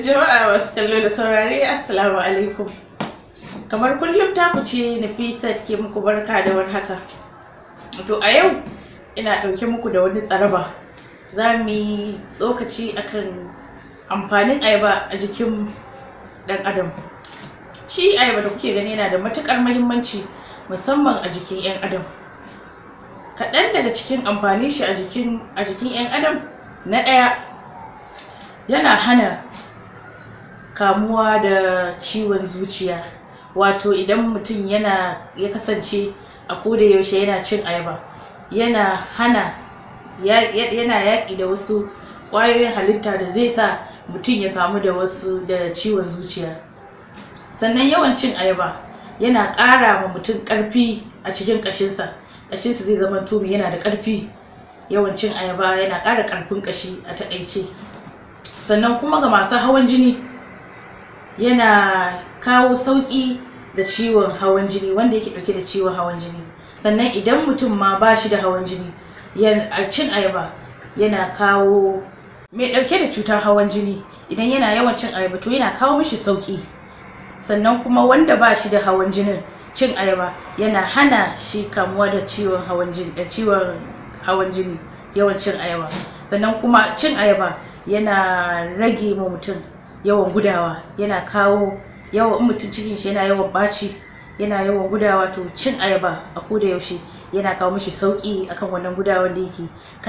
Jama'a masu kallo da saurare Assalamu alaikum. Kamar kullum ta ku ce Nafisat ke muku barka da warhaka. To a yau ina ɗauke muku da wani tsaraba. Za mu yi tsokaci akan amfanin ayaba a jikin ɗan adam. Shi ayaba da kuke gani yana da matuƙar muhimmanci musamman a jikin 'yan adam. Kaɗan daga cikin amfanin shi a jikin 'yan adam na ɗaya yana hana kamuwa da ciwon zuciya wato idan mutum yana ya kasance a koda yaushe yana cin ayaba yana hana yana yaƙi da wasu ƙwayoyin halitta da zai sa mutum ya kamu da wasu da ciwon zuciya sannan yawan cin ayaba yana ƙara ma mutum ƙarfi a cikin ƙashinsa ƙashinsa zai zama tumi yana da ƙarfi yawan cin ayaba yana ƙara ƙarfin ƙashi a taƙaice sannan kuma ga masu hawan jini yana kawo sauƙi da ciwon hawan jini wanda yake ɗauke da ciwon hawan jini sannan idan mutum ma ba shi da hawan jini a cin ayaba yana kawo mai ɗauke da cutar hawan jini idan yana yawan cin ayaba to yana kawo mishi sauƙi sannan kuma wanda ba shi da hawan jinin cin ayaba yana hana shi kamuwa da ciwon hawan jini da ciwon hawan jini yawan cin ayaba sannan kuma cin ayaba yana rage ma mutum yawan gudawa yana kawo yawan in mutum cikin shi yana yawan ɓaci yana yawan gudawa to cin ayaba a koda yaushe yana kawo mishi sauki akan wannan gudawan da yake